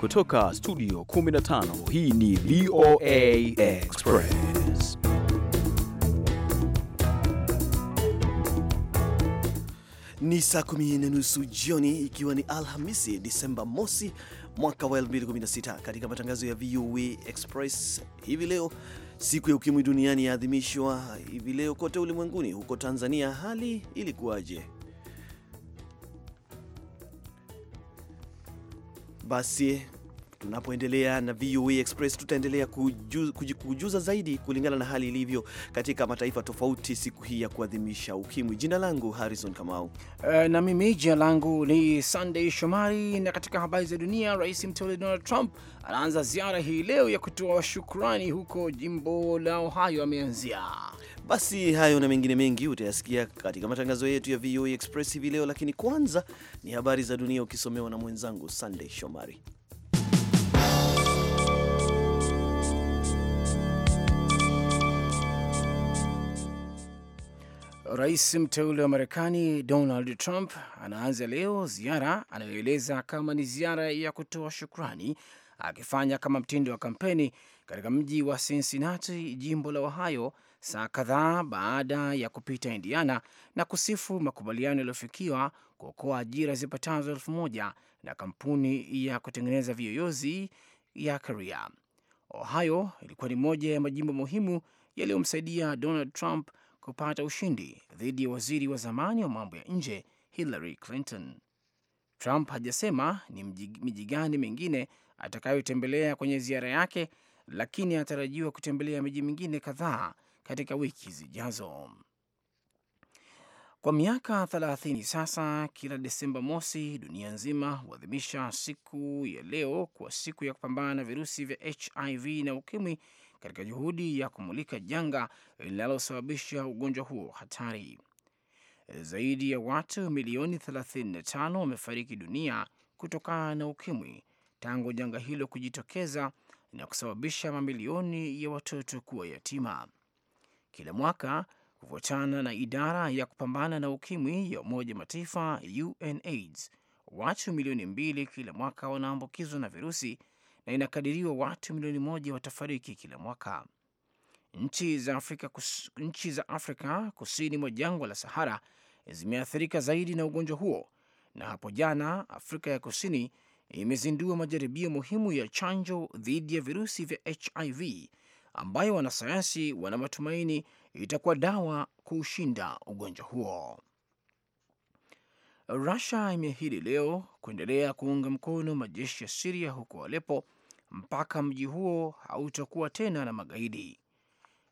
Kutoka studio 15 hii ni VOA Express. Ni saa kumi na nusu jioni ikiwa ni Alhamisi Disemba mosi mwaka wa 2016. Katika matangazo ya VOA Express hivi leo, siku ya ukimwi duniani yaadhimishwa hivi leo kote ulimwenguni. Huko Tanzania hali ilikuwaje? Basi tunapoendelea na VOA Express tutaendelea kuju, kujuza zaidi kulingana na hali ilivyo katika mataifa tofauti siku hii ya kuadhimisha ukimwi. Jina langu Harrison Kamau. Uh, na mimi jina langu ni Sunday Shomari. Na katika habari za dunia, rais mteule Donald Trump anaanza ziara hii leo ya kutoa shukrani huko jimbo la Ohio. Ameanzia basi hayo na mengine mengi utayasikia katika matangazo yetu ya VOA e Express hivi leo, lakini kwanza ni habari za dunia ukisomewa na mwenzangu Sunday Shomari. Rais mteule wa Marekani Donald Trump anaanza leo ziara anayoeleza kama ni ziara ya kutoa shukrani, akifanya kama mtindo wa kampeni katika mji wa Cincinnati, jimbo la Ohio, saa kadhaa baada ya kupita Indiana na kusifu makubaliano yaliyofikiwa kuokoa ajira zipatazo elfu moja na kampuni ya kutengeneza viyoyozi ya Korea. Ohio ilikuwa ni moja ya majimbo muhimu yaliyomsaidia Donald Trump kupata ushindi dhidi ya waziri wa zamani wa mambo ya nje Hillary Clinton. Trump hajasema ni miji gani mingine atakayotembelea kwenye ziara yake, lakini anatarajiwa kutembelea miji mingine kadhaa katika wiki zijazo. Kwa miaka 30 sasa, kila Desemba mosi dunia nzima huadhimisha siku ya leo kwa siku ya kupambana na virusi vya HIV na ukimwi katika juhudi ya kumulika janga linalosababisha ugonjwa huo hatari. Zaidi ya watu milioni 35 wamefariki dunia kutokana na ukimwi tangu janga hilo kujitokeza na kusababisha mamilioni ya watoto kuwa yatima kila mwaka kufuatana na idara ya kupambana na ukimwi ya Umoja Mataifa, UNAIDS. Watu milioni mbili kila mwaka wanaambukizwa na virusi na inakadiriwa watu milioni moja watafariki kila mwaka. Nchi za Afrika, kus, nchi za Afrika kusini mwa jangwa la Sahara zimeathirika zaidi na ugonjwa huo, na hapo jana Afrika ya Kusini imezindua majaribio muhimu ya chanjo dhidi ya virusi vya HIV ambayo wanasayansi wana matumaini itakuwa dawa kuushinda ugonjwa huo. Rusia imeahidi leo kuendelea kuunga mkono majeshi ya Siria huko Alepo mpaka mji huo hautakuwa tena na magaidi.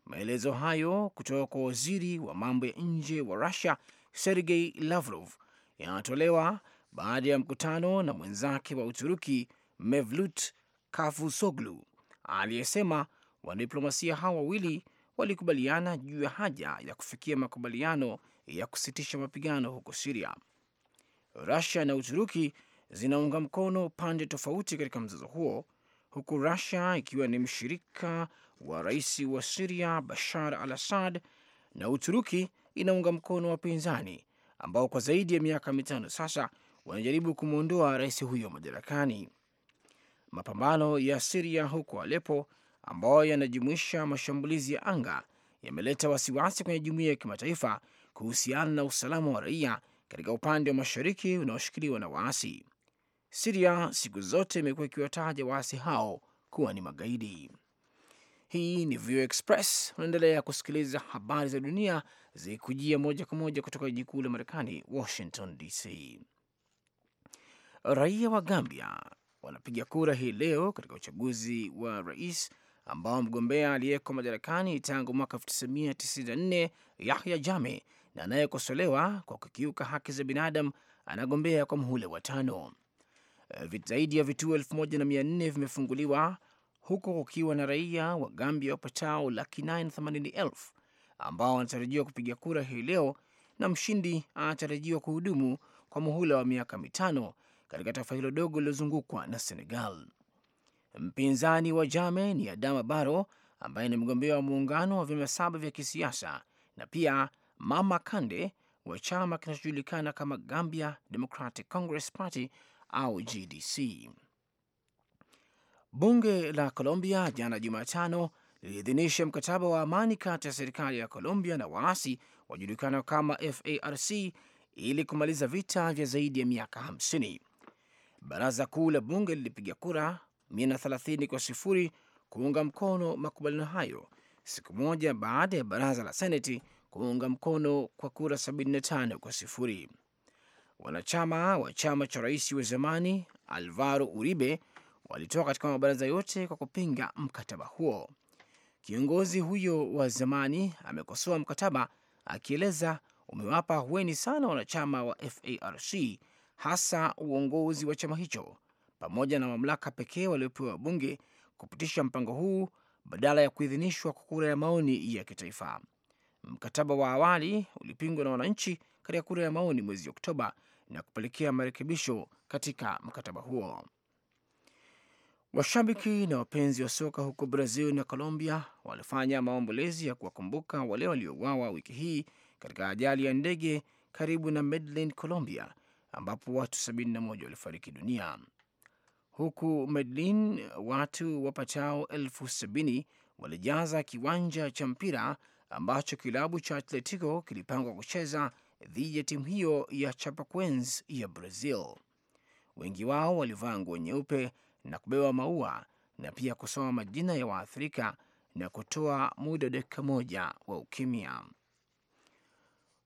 Maelezo hayo kutoka kwa waziri wa mambo ya nje wa Rusia Sergei Lavrov yanatolewa baada ya mkutano na mwenzake wa Uturuki Mevlut Kavusoglu aliyesema Wanadiplomasia hao wawili walikubaliana juu ya haja ya kufikia makubaliano ya kusitisha mapigano huko Siria. Rusia na Uturuki zinaunga mkono pande tofauti katika mzozo huo, huku Rusia ikiwa ni mshirika wa rais wa Siria Bashar al Assad na Uturuki inaunga mkono wapinzani ambao kwa zaidi ya miaka mitano sasa wanajaribu kumwondoa rais huyo madarakani. Mapambano ya Siria huko Alepo ambayo yanajumuisha mashambulizi ya anga yameleta wasiwasi kwenye jumuiya ya kimataifa kuhusiana na usalama wa raia katika upande wa mashariki unaoshikiliwa na waasi. Siria siku zote imekuwa ikiwataja waasi hao kuwa ni magaidi. Hii ni VOA Express, unaendelea kusikiliza habari za dunia zikujia moja kwa moja kutoka jiji kuu la Marekani, Washington DC. Raia wa Gambia wanapiga kura hii leo katika uchaguzi wa rais ambao mgombea aliyeko madarakani tangu mwaka 1994 Yahya jame na anayekosolewa kwa kukiuka haki za binadamu anagombea kwa mhula wa tano. Eh, zaidi ya vituo 1400 vimefunguliwa huko kukiwa na raia wa Gambia wapatao laki 980,000 ambao wanatarajiwa kupiga kura hii leo, na mshindi anatarajiwa kuhudumu kwa muhula wa miaka mitano katika taifa hilo dogo lilozungukwa na Senegal. Mpinzani wa Jame ni Adama baro ambaye ni mgombea wa muungano wa vyama saba vya kisiasa na pia Mama Kande wa chama kinachojulikana kama Gambia Democratic Congress Party au GDC. Bunge la Colombia jana Jumatano liliidhinisha mkataba wa amani kati ya serikali ya Colombia na waasi wajulikana kama FARC ili kumaliza vita vya zaidi ya miaka 50. Baraza kuu la bunge lilipiga kura 430 kwa sifuri kuunga mkono makubaliano hayo siku moja baada ya baraza la Seneti kuunga mkono kwa kura 75 kwa sifuri. Wanachama wa chama cha rais wa zamani Alvaro Uribe walitoka katika mabaraza yote kwa kupinga mkataba huo. Kiongozi huyo wa zamani amekosoa mkataba akieleza umewapa hueni sana wanachama wa FARC, hasa uongozi wa chama hicho pamoja na mamlaka pekee waliopewa wabunge kupitisha mpango huu badala ya kuidhinishwa kwa kura ya maoni ya kitaifa. Mkataba wa awali ulipingwa na wananchi katika kura ya maoni mwezi Oktoba na kupelekea marekebisho katika mkataba huo. Washabiki na wapenzi wa soka huko Brazil na Colombia walifanya maombolezi ya kuwakumbuka wale waliouawa wiki hii katika ajali ya ndege karibu na Medellin, Colombia, ambapo watu 71 walifariki dunia huku Medlin watu wapatao elfu sabini walijaza kiwanja cha mpira ambacho kilabu cha Atletico kilipangwa kucheza dhidi ya timu hiyo ya Chapecoense ya Brazil. Wengi wao walivaa nguo nyeupe na kubeba maua na pia kusoma majina ya waathirika na kutoa muda dakika moja wa ukimya.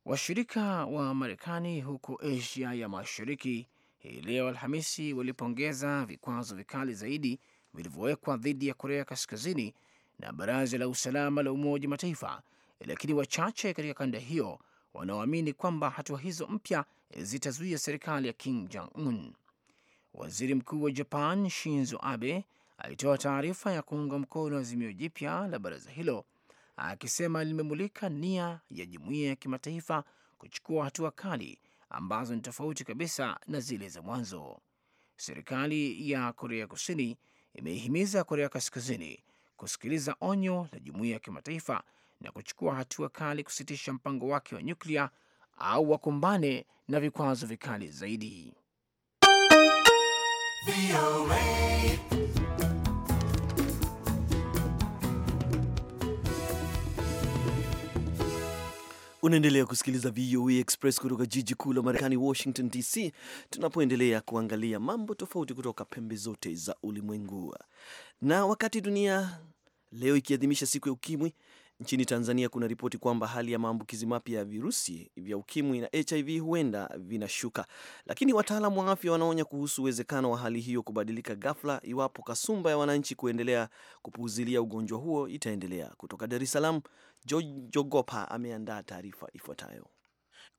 Washirika wa Marekani huko Asia ya Mashariki hii leo Alhamisi walipongeza vikwazo vikali zaidi vilivyowekwa dhidi ya Korea Kaskazini na Baraza la Usalama la Umoja wa Mataifa, lakini wachache katika kanda hiyo wanaoamini kwamba hatua hizo mpya zitazuia serikali ya Kim Jong Un. Waziri Mkuu wa Japan Shinzo Abe alitoa taarifa ya kuunga mkono azimio jipya la baraza hilo akisema limemulika nia ya jumuiya ya kimataifa kuchukua hatua kali ambazo ni tofauti kabisa na zile za mwanzo. Serikali ya Korea Kusini imeihimiza Korea Kaskazini kusikiliza onyo la jumuiya ya kimataifa na kuchukua hatua kali kusitisha mpango wake wa nyuklia au wakumbane na vikwazo vikali zaidi. Unaendelea kusikiliza VOA e Express kutoka jiji kuu la Marekani, Washington DC, tunapoendelea kuangalia mambo tofauti kutoka pembe zote za ulimwengu. Na wakati dunia leo ikiadhimisha siku ya Ukimwi, Nchini Tanzania kuna ripoti kwamba hali ya maambukizi mapya ya virusi vya ukimwi na HIV huenda vinashuka, lakini wataalam wa afya wanaonya kuhusu uwezekano wa hali hiyo kubadilika ghafla iwapo kasumba ya wananchi kuendelea kupuuzilia ugonjwa huo itaendelea. Kutoka Dar es Salaam, Jogopa ameandaa taarifa ifuatayo.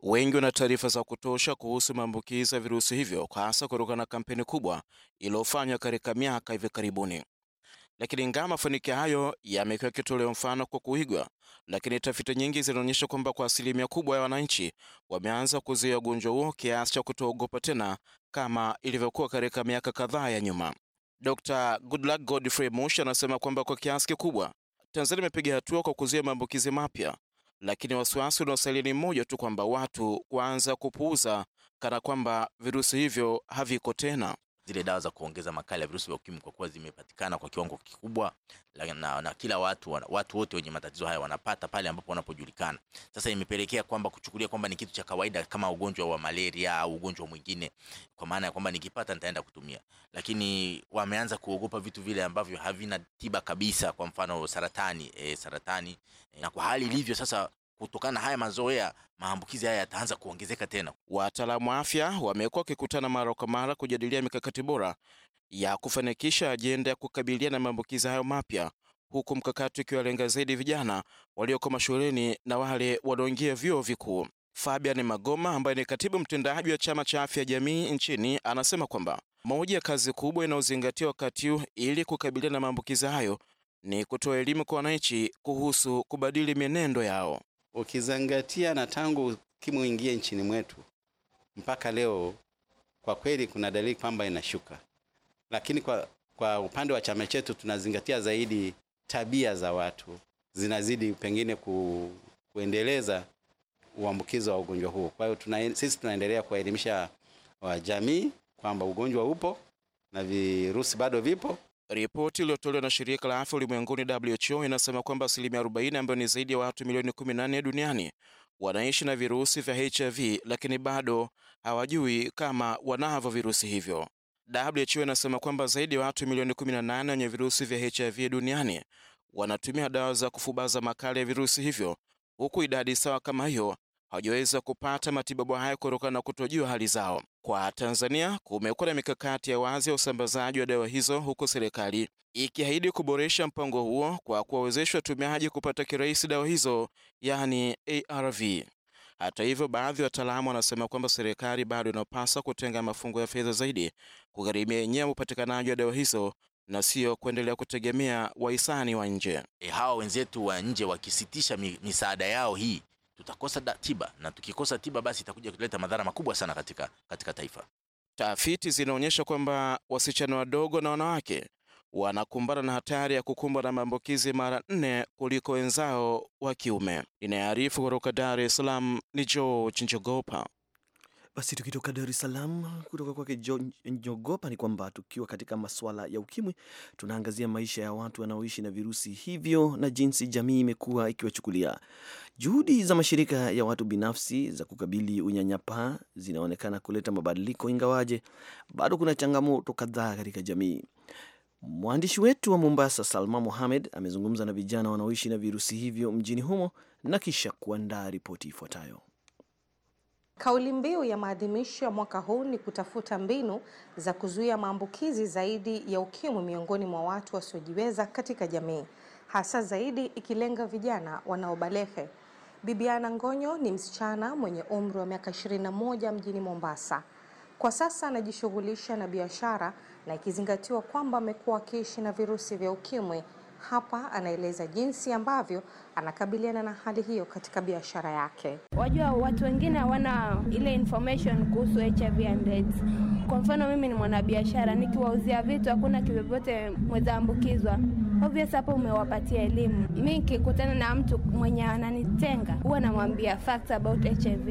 Wengi wana taarifa za kutosha kuhusu maambukizi ya virusi hivyo, hasa kutokana na kampeni kubwa iliyofanywa katika miaka hivi karibuni. Lakini ingawa mafanikio hayo yamekuwa kitoleo mfano kwa kuigwa, lakini tafiti nyingi zinaonyesha kwamba kwa asilimia kubwa ya wananchi wameanza kuzuia ugonjwa huo kiasi cha kutoogopa tena kama ilivyokuwa katika miaka kadhaa ya nyuma. Dr. Goodluck Godfrey Mush anasema kwamba kwa kiasi kikubwa Tanzania imepiga hatua kwa kuzuia maambukizi mapya, lakini wasiwasi unaosalia ni mmoja tu, kwamba watu kuanza kupuuza kana kwamba virusi hivyo haviko tena zile dawa za kuongeza makali ya virusi vya ukimwi kwa kuwa zimepatikana kwa kiwango kikubwa na, na kila watu watu wote wenye matatizo haya wanapata pale ambapo wanapojulikana. Sasa imepelekea kwamba kuchukulia kwamba ni kitu cha kawaida kama ugonjwa wa malaria au ugonjwa mwingine, kwa maana ya kwamba nikipata nitaenda kutumia, lakini wameanza kuogopa vitu vile ambavyo havina tiba kabisa, kwa mfano saratani e, saratani e, na kwa hali ilivyo sasa kutokana na haya mazoea, maambukizi haya yataanza kuongezeka tena. Wataalamu wa afya wamekuwa wakikutana mara kwa mara kujadilia mikakati bora ya kufanikisha ajenda ya kukabiliana na maambukizi hayo mapya, huku mkakati ukiwalenga zaidi vijana walioko mashuleni na wale wanaoingia vyuo vikuu. Fabian Magoma ambaye ni katibu mtendaji wa chama cha afya jamii nchini anasema kwamba moja ya kazi kubwa inayozingatia wakati huu ili kukabiliana na maambukizi hayo ni kutoa elimu kwa wananchi kuhusu kubadili mienendo yao ukizingatia na tangu timu ingie nchini mwetu mpaka leo, kwa kweli kuna dalili kwamba inashuka, lakini kwa, kwa upande wa chama chetu tunazingatia zaidi tabia za watu zinazidi pengine ku, kuendeleza uambukizo wa ugonjwa huo. Kwa hiyo tuna, sisi tunaendelea kuwaelimisha wajamii kwamba ugonjwa upo na virusi bado vipo Ripoti iliyotolewa na shirika la afya ulimwenguni WHO inasema kwamba asilimia 40 ambayo ni zaidi ya watu milioni 18 duniani wanaishi na virusi vya HIV, lakini bado hawajui kama wanavyo virusi hivyo. WHO inasema kwamba zaidi ya watu milioni 18 wenye virusi vya HIV duniani wanatumia dawa za kufubaza makali ya virusi hivyo, huku idadi sawa kama hiyo hawajaweza kupata matibabu hayo kutokana na kutojua hali zao. Kwa Tanzania kumekuwa na mikakati ya wazi ya usambazaji wa dawa hizo, huku serikali ikiahidi kuboresha mpango huo kwa kuwawezesha watumiaji kupata kirahisi dawa hizo, yaani ARV. Hata hivyo, baadhi ya wataalamu wanasema kwamba serikali bado inapaswa kutenga mafungo ya fedha zaidi kugharimia yenyewe upatikanaji wa dawa hizo na sio kuendelea kutegemea wahisani wa nje. E, hawa wenzetu wa nje wakisitisha misaada yao hii tutakosa tiba, na tukikosa tiba, basi itakuja kuleta madhara makubwa sana katika, katika taifa. Tafiti zinaonyesha kwamba wasichana wadogo na wanawake wanakumbana na hatari ya kukumbwa na maambukizi mara nne kuliko wenzao wa kiume. Inayoarifu kutoka Dar es Salaam ni George Njogopa. Basi tukitoka Dar es Salaam kutoka kwake Njogopa, ni kwamba tukiwa katika masuala ya ukimwi, tunaangazia maisha ya watu wanaoishi na virusi hivyo na jinsi jamii imekuwa ikiwachukulia. Juhudi za mashirika ya watu binafsi za kukabili unyanyapaa zinaonekana kuleta mabadiliko, ingawaje bado kuna changamoto kadhaa katika jamii. Mwandishi wetu wa Mombasa, Salma Mohamed, amezungumza na vijana wanaoishi na virusi hivyo mjini humo na kisha kuandaa ripoti ifuatayo. Kauli mbiu ya maadhimisho ya mwaka huu ni kutafuta mbinu za kuzuia maambukizi zaidi ya ukimwi miongoni mwa watu wasiojiweza katika jamii, hasa zaidi ikilenga vijana wanaobalehe. Bibiana Ngonyo ni msichana mwenye umri wa miaka 21 mjini Mombasa. Kwa sasa anajishughulisha na biashara na ikizingatiwa kwamba amekuwa akiishi na virusi vya ukimwi hapa anaeleza jinsi ambavyo anakabiliana na hali hiyo katika biashara yake. Wajua, watu wengine hawana ile information kuhusu HIV and AIDS. Kwa mfano, mimi ni mwanabiashara, nikiwauzia vitu hakuna kivyovyote mwezaambukizwa obvious, hapo umewapatia elimu. Mi nikikutana na mtu mwenye ananitenga, huwa namwambia facts about HIV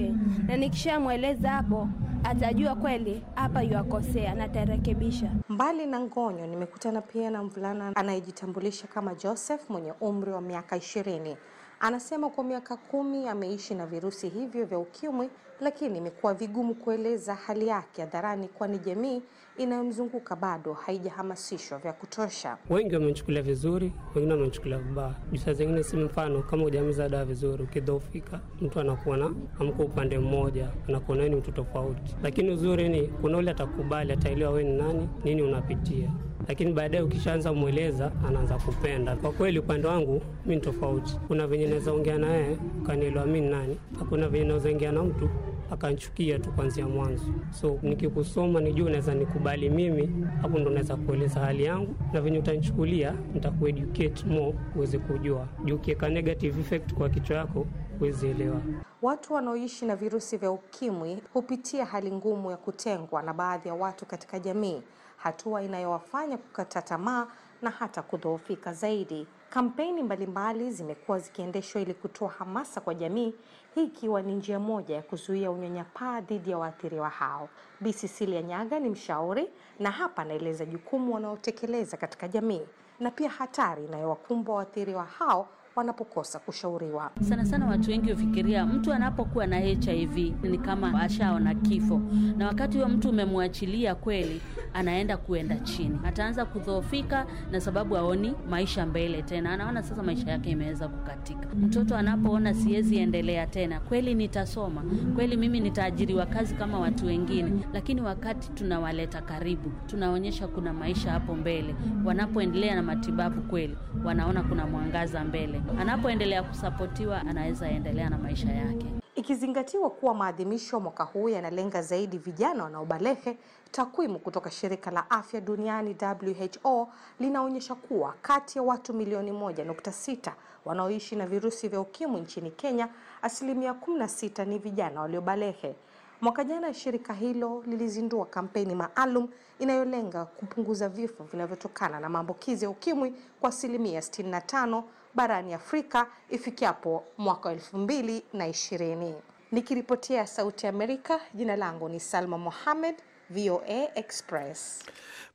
na nikishamweleza hapo atajua kweli hapa yuakosea na atarekebisha. Mbali na Ngonyo, nimekutana pia na mvulana anayejitambulisha kama Joseph mwenye umri wa miaka ishirini. Anasema kwa miaka kumi ameishi na virusi hivyo vya ukimwi, lakini imekuwa vigumu kueleza hali yake hadharani, kwani jamii inayomzunguka bado haijahamasishwa vya kutosha. Wengi wamechukulia vizuri, wengine wamechukulia vibaya. Juu saa zingine si mfano kama ujamiza dawa vizuri, ukidhofika mtu anakuwa na amko upande mmoja, anakuona ni mtu tofauti. Lakini uzuri ni kuna ule atakubali, ataelewa we ni nani, nini unapitia lakini baadaye ukishaanza mweleza anaanza kupenda. Kwa kweli, upande wangu mi ni tofauti. Kuna venye naweza ongea na ukanielewa mi ni nani, hakuna venye naweza ongea na mtu akanchukia tu kwanzia mwanzo. So nikikusoma nijua unaweza nikubali mimi, hapo ndo naweza kueleza hali yangu na venye utanichukulia, nitakueducate more uweze kujua juu. Ukiweka negative effect kwa kichwa yako huwezi elewa. Watu wanaoishi na virusi vya ukimwi hupitia hali ngumu ya kutengwa na baadhi ya watu katika jamii, hatua inayowafanya kukata tamaa na hata kudhoofika zaidi. Kampeni mbalimbali zimekuwa zikiendeshwa ili kutoa hamasa kwa jamii hii ikiwa ni njia moja ya kuzuia unyanyapaa dhidi ya waathiriwa hao. Bi Cecilia Nyaga ni mshauri na hapa anaeleza jukumu wanaotekeleza katika jamii na pia hatari inayowakumba waathiriwa hao wanapokosa kushauriwa. Sana sana watu wengi hufikiria mtu anapokuwa na HIV ni kama ashaona kifo, na wakati huyo mtu umemwachilia kweli, anaenda kuenda chini, ataanza kudhoofika, na sababu aoni maisha mbele tena, anaona sasa maisha yake imeweza kukatika. Mtoto anapoona siwezi endelea tena, kweli nitasoma, kweli mimi nitaajiriwa kazi kama watu wengine, lakini wakati tunawaleta karibu, tunaonyesha kuna maisha hapo mbele, wanapoendelea na matibabu kweli wanaona kuna mwangaza mbele. Anapoendelea kusapotiwa, anaweza endelea na maisha yake. Ikizingatiwa kuwa maadhimisho mwaka huu yanalenga zaidi vijana wanaobalehe, takwimu kutoka shirika la afya duniani WHO linaonyesha kuwa kati ya watu milioni 16 wanaoishi na virusi vya ukimwi nchini Kenya, asilimia 16 ni vijana waliobalehe. Mwaka jana shirika hilo lilizindua kampeni maalum inayolenga kupunguza vifo vinavyotokana na maambukizi ya ukimwi kwa asilimia 65 barani Afrika ifikiapo mwaka elfu mbili na ishirini. Nikiripotia Sauti ya Amerika, jina langu ni Salma Mohamed, VOA Express.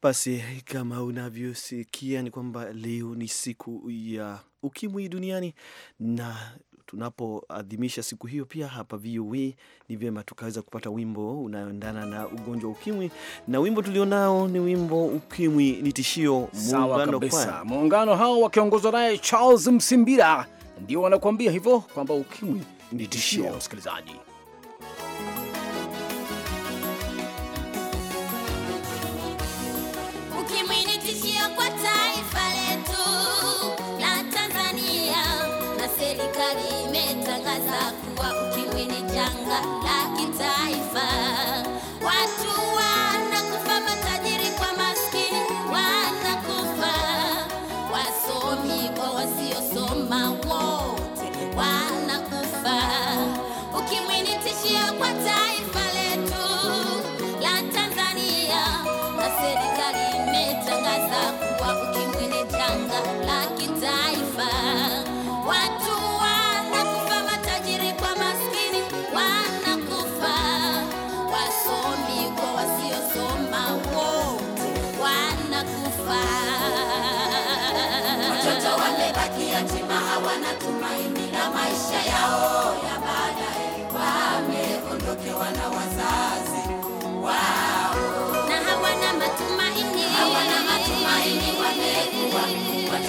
Basi kama unavyosikia ni kwamba leo ni siku ya ukimwi duniani na tunapoadhimisha siku hiyo pia hapa VOA ni vyema tukaweza kupata wimbo unaoendana na ugonjwa wa ukimwi, na wimbo tulionao ni wimbo ukimwi ni tishio. Muungano kwa muungano hao wakiongozwa naye Charles Msimbira ndio wanakuambia hivyo kwamba ukimwi ni tishio, msikilizaji.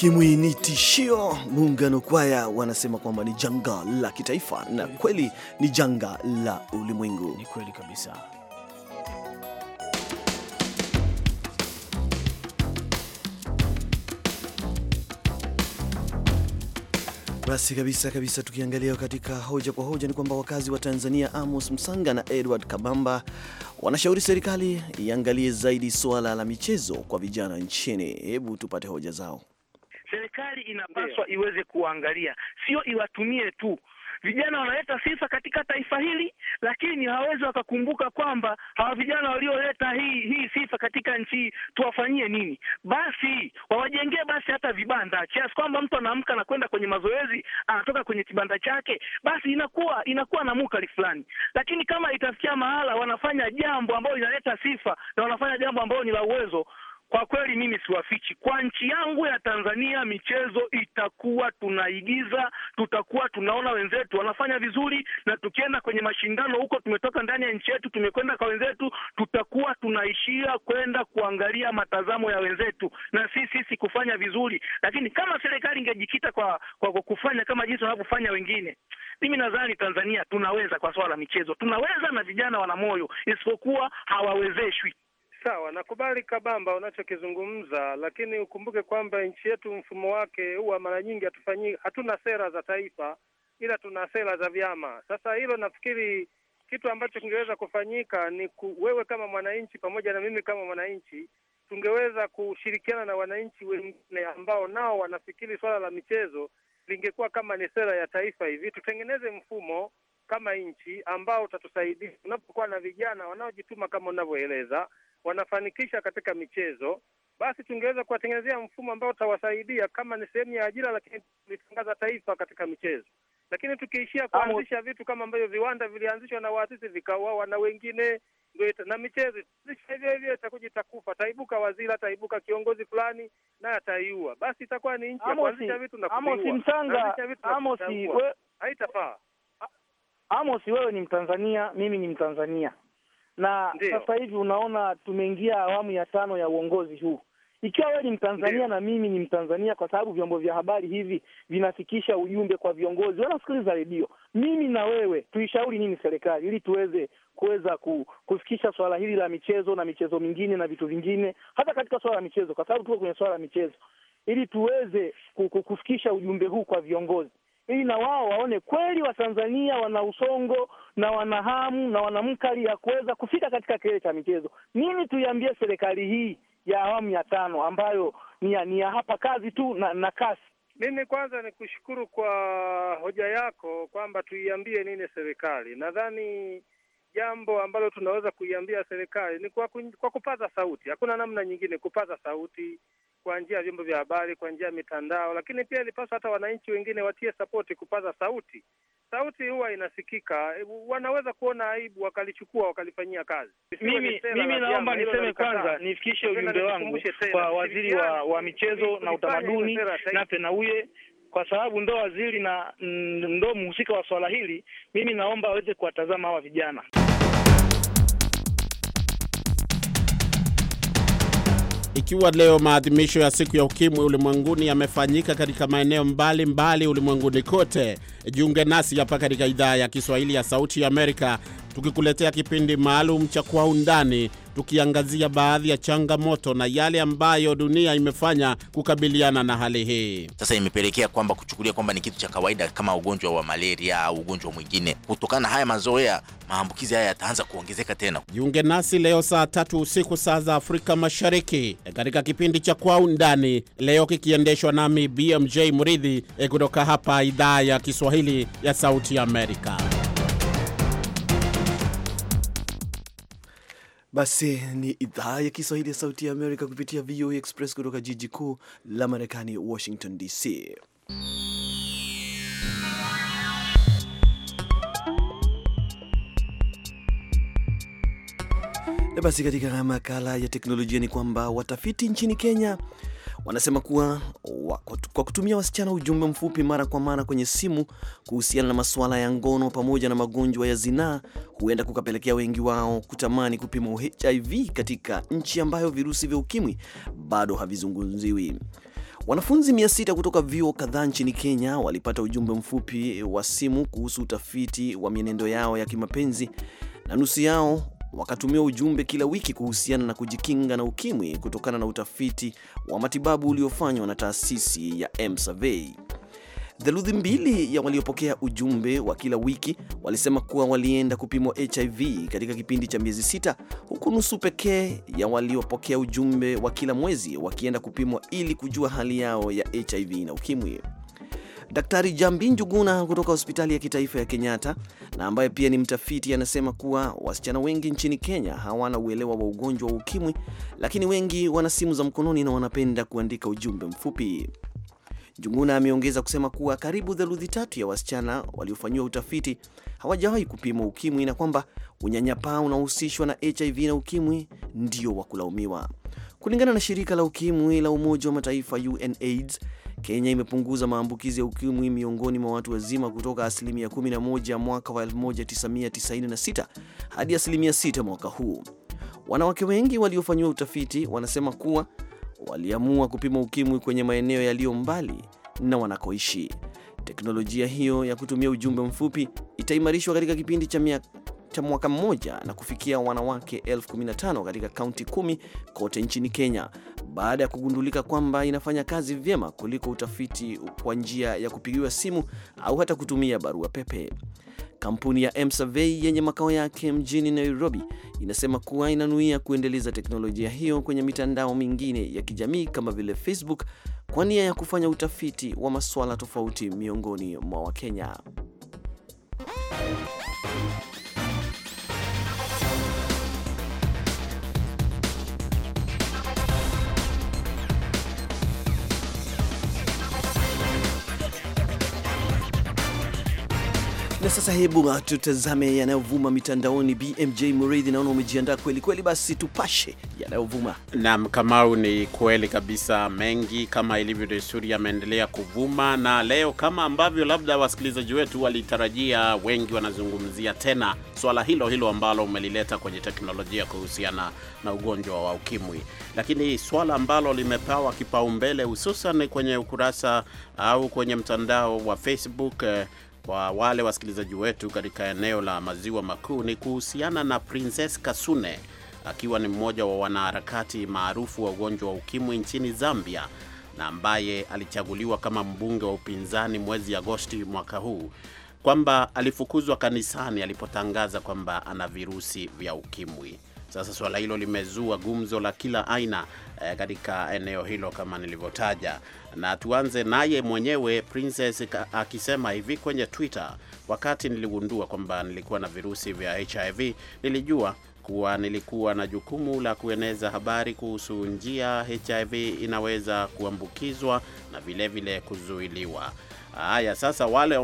ukimwi ni tishio. Muungano kwaya wanasema kwamba ni janga la kitaifa, na kweli ni janga la ulimwengu. Ni kweli kabisa. Basi kabisa kabisa, tukiangalia katika hoja kwa hoja ni kwamba wakazi wa Tanzania Amos Msanga na Edward Kabamba wanashauri serikali iangalie zaidi suala la michezo kwa vijana nchini. Hebu tupate hoja zao serikali inapaswa Deo, iweze kuangalia, sio iwatumie tu vijana wanaleta sifa katika taifa hili, lakini hawawezi wakakumbuka kwamba hawa vijana walioleta hii hii sifa katika nchi hii tuwafanyie nini? Basi wawajengee basi hata vibanda, kiasi kwamba mtu anaamka na kwenda kwenye mazoezi, anatoka kwenye kibanda chake, basi inakuwa inakuwa na mukali fulani. Lakini kama itafikia mahala wanafanya jambo ambalo linaleta sifa na wanafanya jambo ambalo ni la uwezo, kwa kweli mimi siwafichi, kwa nchi yangu ya Tanzania michezo itakuwa tunaigiza, tutakuwa tunaona wenzetu wanafanya vizuri, na tukienda kwenye mashindano huko, tumetoka ndani ya nchi yetu tumekwenda kwa wenzetu, tutakuwa tunaishia kwenda kuangalia matazamo ya wenzetu na si sisi kufanya vizuri. Lakini kama serikali ingejikita kwa, kwa, kwa kufanya kama jinsi wanavyofanya wengine, mimi nadhani Tanzania tunaweza kwa swala la michezo, tunaweza na vijana wana moyo, isipokuwa hawawezeshwi. Sawa, nakubali kabamba unachokizungumza, lakini ukumbuke kwamba nchi yetu mfumo wake huwa mara nyingi hatufanyi, hatuna sera za taifa, ila tuna sera za vyama. Sasa hilo nafikiri kitu ambacho kingeweza kufanyika ni ku, wewe kama mwananchi pamoja na mimi kama mwananchi tungeweza kushirikiana na wananchi wengine ambao nao wanafikiri swala la michezo lingekuwa kama ni sera ya taifa hivi, tutengeneze mfumo kama nchi ambao utatusaidia unapokuwa na vijana wanaojituma kama unavyoeleza wanafanikisha katika michezo, basi tungeweza kuwatengenezea mfumo ambao utawasaidia kama ni sehemu ya ajira, lakini tulitangaza taifa katika michezo. Lakini tukiishia kuanzisha vitu kama ambavyo viwanda vilianzishwa na waasisi vikauawa na wengine na michezo hivyo hivyo, itakuja itakufa. Ataibuka waziri, ataibuka kiongozi fulani, naye ataiua. Basi itakuwa ni nchi ya kuanzisha vitu na kuviua, haitafaa. Amosi, wewe ni Mtanzania, mimi ni Mtanzania na Ndiyo. Sasa hivi unaona tumeingia awamu ya tano ya uongozi huu. Ikiwa wewe ni Mtanzania Ndiyo. na mimi ni Mtanzania, kwa sababu vyombo vya habari hivi vinafikisha ujumbe kwa viongozi wanasikiliza redio. Mimi na wewe tuishauri nini serikali ili tuweze kuweza kufikisha swala hili la michezo na michezo mingine na vitu vingine, hata katika swala la michezo, kwa sababu tuko kwenye swala la michezo, ili tuweze kufikisha ujumbe huu kwa viongozi ili na wao waone kweli Watanzania wana usongo na wana hamu na wana mkali ya kuweza kufika katika kilele cha michezo. Nini tuiambie serikali hii ya awamu ya tano ambayo ni ya, ni ya hapa kazi tu na, na kasi mimi kwanza ni kushukuru kwa hoja yako kwamba tuiambie nini serikali. Nadhani jambo ambalo tunaweza kuiambia serikali ni kwa, kwa kupaza sauti. Hakuna namna nyingine, kupaza sauti, kwa njia ya vyombo vya habari, kwa njia ya mitandao, lakini pia ilipaswa hata wananchi wengine watie sapoti, kupaza sauti. Sauti huwa inasikika, wanaweza kuona aibu wakalichukua wakalifanyia kazi. Mimi, mimi naomba niseme kwanza, nifikishe ujumbe wangu kwa waziri wa, wa michezo na utamaduni Nape Nnauye kwa sababu ndo waziri na mm, ndo mhusika wa swala hili. Mimi naomba aweze kuwatazama hawa vijana. Ikiwa leo maadhimisho ya siku ya ukimwi ulimwenguni yamefanyika katika maeneo mbalimbali ulimwenguni kote, jiunge nasi hapa katika idhaa ya Kiswahili ya Sauti ya Amerika tukikuletea kipindi maalum cha Kwa Undani, tukiangazia baadhi ya changamoto na yale ambayo dunia imefanya kukabiliana na hali hii. Sasa imepelekea kwamba kuchukulia kwamba ni kitu cha kawaida kama ugonjwa wa malaria au ugonjwa mwingine. Kutokana na haya mazoea, maambukizi haya yataanza kuongezeka tena. Jiunge nasi leo saa tatu usiku saa za Afrika Mashariki eh, katika kipindi cha Kwa Undani, leo kikiendeshwa nami BMJ mridhi eh, kutoka hapa idhaa ya Kiswahili ya Sauti Amerika. Basi ni idhaa ya Kiswahili ya Sauti ya Amerika kupitia VOA e Express kutoka jiji kuu la Marekani, Washington DC. basi katika makala ya teknolojia ni kwamba watafiti nchini Kenya Wanasema kuwa kwa kutumia wasichana ujumbe mfupi mara kwa mara kwenye simu kuhusiana na masuala ya ngono pamoja na magonjwa ya zinaa huenda kukapelekea wengi wao kutamani kupima HIV katika nchi ambayo virusi vya ukimwi bado havizungumziwi. Wanafunzi mia sita kutoka vyuo kadhaa nchini Kenya walipata ujumbe mfupi wa simu kuhusu utafiti wa mienendo yao ya kimapenzi na nusu yao wakatumia ujumbe kila wiki kuhusiana na kujikinga na ukimwi kutokana na utafiti wa matibabu uliofanywa na taasisi ya mSurvey. Theluthi mbili ya waliopokea ujumbe wa kila wiki walisema kuwa walienda kupimwa HIV katika kipindi cha miezi sita, huku nusu pekee ya waliopokea ujumbe wa kila mwezi wakienda kupimwa ili kujua hali yao ya HIV na ukimwi. Daktari Jambi Njuguna kutoka hospitali ya kitaifa ya Kenyatta na ambaye pia ni mtafiti anasema kuwa wasichana wengi nchini Kenya hawana uelewa wa ugonjwa wa ukimwi, lakini wengi wana simu za mkononi na wanapenda kuandika ujumbe mfupi. Njuguna ameongeza kusema kuwa karibu theluthi tatu ya wasichana waliofanyiwa utafiti hawajawahi kupimwa ukimwi na kwamba unyanyapaa unaohusishwa na HIV na ukimwi ndio wa kulaumiwa. Kulingana na shirika la ukimwi la Umoja wa Mataifa UNAIDS, Kenya imepunguza maambukizi ya ukimwi miongoni mwa watu wazima kutoka asilimia 11 mwaka wa 1996 hadi asilimia 6 mwaka huu. Wanawake wengi waliofanyiwa utafiti wanasema kuwa waliamua kupima ukimwi kwenye maeneo yaliyo mbali na wanakoishi. Teknolojia hiyo ya kutumia ujumbe mfupi itaimarishwa katika kipindi cha miaka cha mwaka mmoja na kufikia wanawake elfu 15 katika kaunti kumi kote nchini Kenya baada ya kugundulika kwamba inafanya kazi vyema kuliko utafiti kwa njia ya kupigiwa simu au hata kutumia barua pepe. Kampuni ya mSurvey yenye makao yake mjini Nairobi inasema kuwa inanuia kuendeleza teknolojia hiyo kwenye mitandao mingine ya kijamii kama vile Facebook kwa nia ya kufanya utafiti wa masuala tofauti miongoni mwa Wakenya. Na sasa hebu tutazame yanayovuma mitandaoni. BMJ Muridhi, naona umejiandaa kweli kweli, basi tupashe yanayovuma. Naam, Kamau, ni kweli kabisa, mengi kama ilivyo desturi yameendelea kuvuma, na leo kama ambavyo labda wasikilizaji wetu walitarajia, wengi wanazungumzia tena swala hilo hilo ambalo umelileta kwenye teknolojia kuhusiana na ugonjwa wa ukimwi, lakini swala ambalo limepewa kipaumbele hususan kwenye ukurasa au kwenye mtandao wa Facebook eh, kwa wale wasikilizaji wetu katika eneo la maziwa makuu ni kuhusiana na Princess Kasune akiwa ni mmoja wa wanaharakati maarufu wa ugonjwa wa ukimwi nchini Zambia na ambaye alichaguliwa kama mbunge wa upinzani mwezi Agosti mwaka huu kwamba alifukuzwa kanisani alipotangaza kwamba ana virusi vya ukimwi. Sasa suala hilo limezua gumzo la kila aina eh, katika eneo hilo kama nilivyotaja, na tuanze naye mwenyewe Princess akisema hivi kwenye Twitter: wakati niligundua kwamba nilikuwa na virusi vya HIV nilijua kuwa nilikuwa na jukumu la kueneza habari kuhusu njia HIV inaweza kuambukizwa na vilevile vile kuzuiliwa. Haya, sasa wale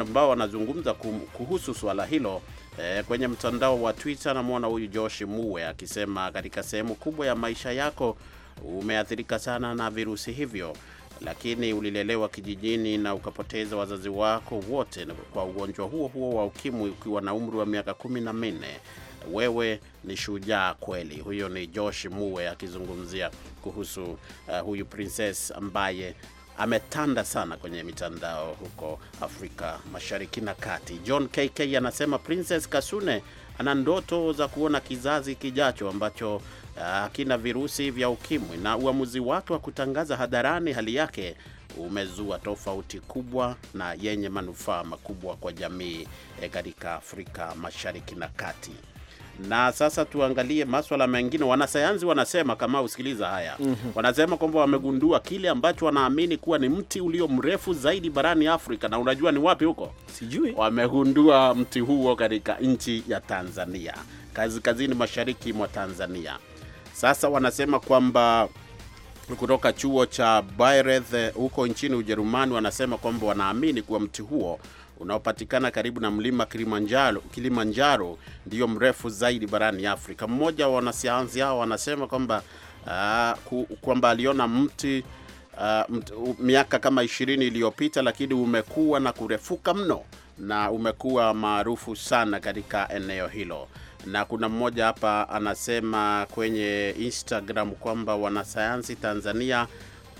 ambao wanazungumza kuhusu swala hilo E, kwenye mtandao wa Twitter namwona huyu Josh Muwe akisema katika sehemu kubwa ya maisha yako umeathirika sana na virusi hivyo, lakini ulilelewa kijijini na ukapoteza wazazi wako wote kwa ugonjwa huo huo wa ukimwi ukiwa na umri wa miaka kumi na minne. Wewe ni shujaa kweli. Huyo ni Josh Muwe akizungumzia kuhusu uh, huyu princess ambaye ametanda sana kwenye mitandao huko Afrika Mashariki na Kati. John KK anasema Princess Kasune ana ndoto za kuona kizazi kijacho ambacho ah, hakina uh, virusi vya ukimwi, na uamuzi wake wa kutangaza hadharani hali yake umezua tofauti kubwa na yenye manufaa makubwa kwa jamii eh, katika Afrika Mashariki na Kati. Na sasa tuangalie maswala mengine. Wanasayansi wanasema kama usikiliza haya mm -hmm. Wanasema kwamba wamegundua kile ambacho wanaamini kuwa ni mti ulio mrefu zaidi barani Afrika, na unajua ni wapi huko? Sijui. Wamegundua mti huo katika nchi ya Tanzania, kaskazini mashariki mwa Tanzania. Sasa wanasema kwamba kutoka chuo cha Bayreuth huko nchini Ujerumani, wanasema kwamba wanaamini kuwa mti huo unaopatikana karibu na mlima Kilimanjaro, Kilimanjaro ndiyo mrefu zaidi barani Afrika. Mmoja wa wanasayansi hao anasema kwamba uh, kwamba aliona mti uh, miaka kama ishirini iliyopita, lakini umekuwa na kurefuka mno na umekuwa maarufu sana katika eneo hilo. Na kuna mmoja hapa anasema kwenye Instagram kwamba wanasayansi Tanzania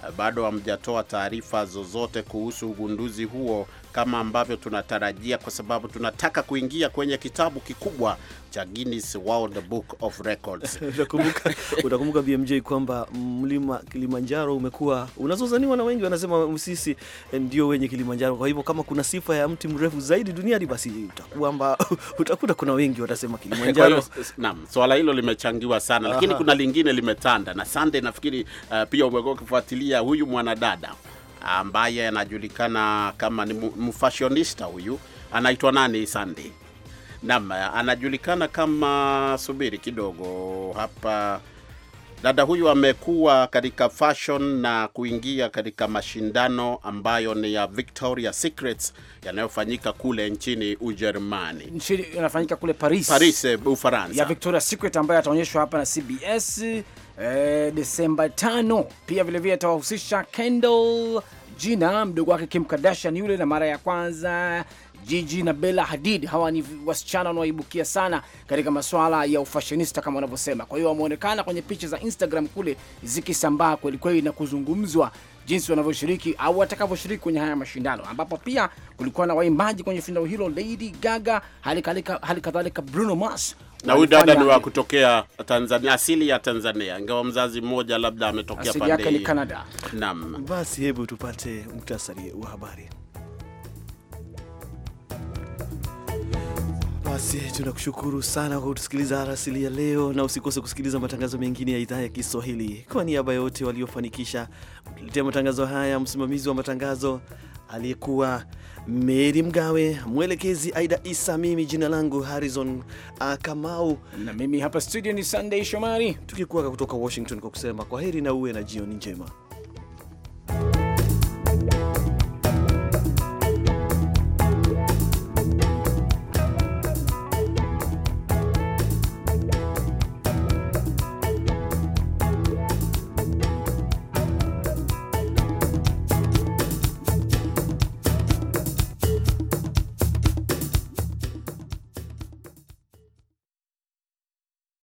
ah, bado hamjatoa taarifa zozote kuhusu ugunduzi huo kama ambavyo tunatarajia, kwa sababu tunataka kuingia kwenye kitabu kikubwa cha Guinness World Book of Records. Utakumbuka utakumbuka BMJ kwamba mlima Kilimanjaro umekuwa unazozaniwa na wengi, wanasema sisi ndio wenye Kilimanjaro. Kwa hivyo kama kuna sifa ya mti mrefu zaidi duniani, basi utakuamba utakuta kuna wengi watasema Kilimanjaro. Naam, swala hilo limechangiwa sana, lakini Aha. kuna lingine limetanda na Sunday nafikiri uh, pia umekuwa ukifuatilia huyu mwanadada ambaye anajulikana kama ni mfashionista huyu, anaitwa nani? Sandy nam, anajulikana kama, subiri kidogo hapa dada huyu amekuwa katika fashion na kuingia katika mashindano ambayo ni ya Victoria Secrets yanayofanyika kule nchini Ujerumani, nchini yanafanyika kule Paris, Paris, eh, Ufaransa, ya Victoria Secret ambayo ataonyeshwa hapa na CBS Eh, Desemba tano. Pia vilevile atawahusisha Kendall jina mdogo wake Kim Kardashian yule, na mara ya kwanza Gigi na Bella Hadid. Hawa ni wasichana wanaoibukia sana katika masuala ya ufashionista kama wanavyosema. Kwa hiyo wameonekana kwenye picha za Instagram kule zikisambaa kwelikweli na kuzungumzwa jinsi wanavyoshiriki au watakavyoshiriki kwenye haya mashindano, ambapo pia kulikuwa na waimbaji kwenye shindano hilo, Lady Gaga, hali kadhalika Bruno Mars na huyu dada ni wa kutokea Tanzania, asili ya Tanzania, ingawa mzazi mmoja labda ametokea pande yake ni Canada. Naam, basi hebu tupate muhtasari wa habari. Basi tunakushukuru sana kwa kutusikiliza arasili ya leo, na usikose kusikiliza matangazo mengine ya idhaa ya Kiswahili. Kwa niaba yote waliofanikisha kutuletea matangazo haya, msimamizi wa matangazo aliyekuwa Meri Mgawe, mwelekezi Aida Isa, mimi jina langu Harrison ah, Kamau, na mimi hapa studio ni Sunday Shomari, tukikuaga kutoka Washington kwa kusema kwa heri na uwe na jioni njema.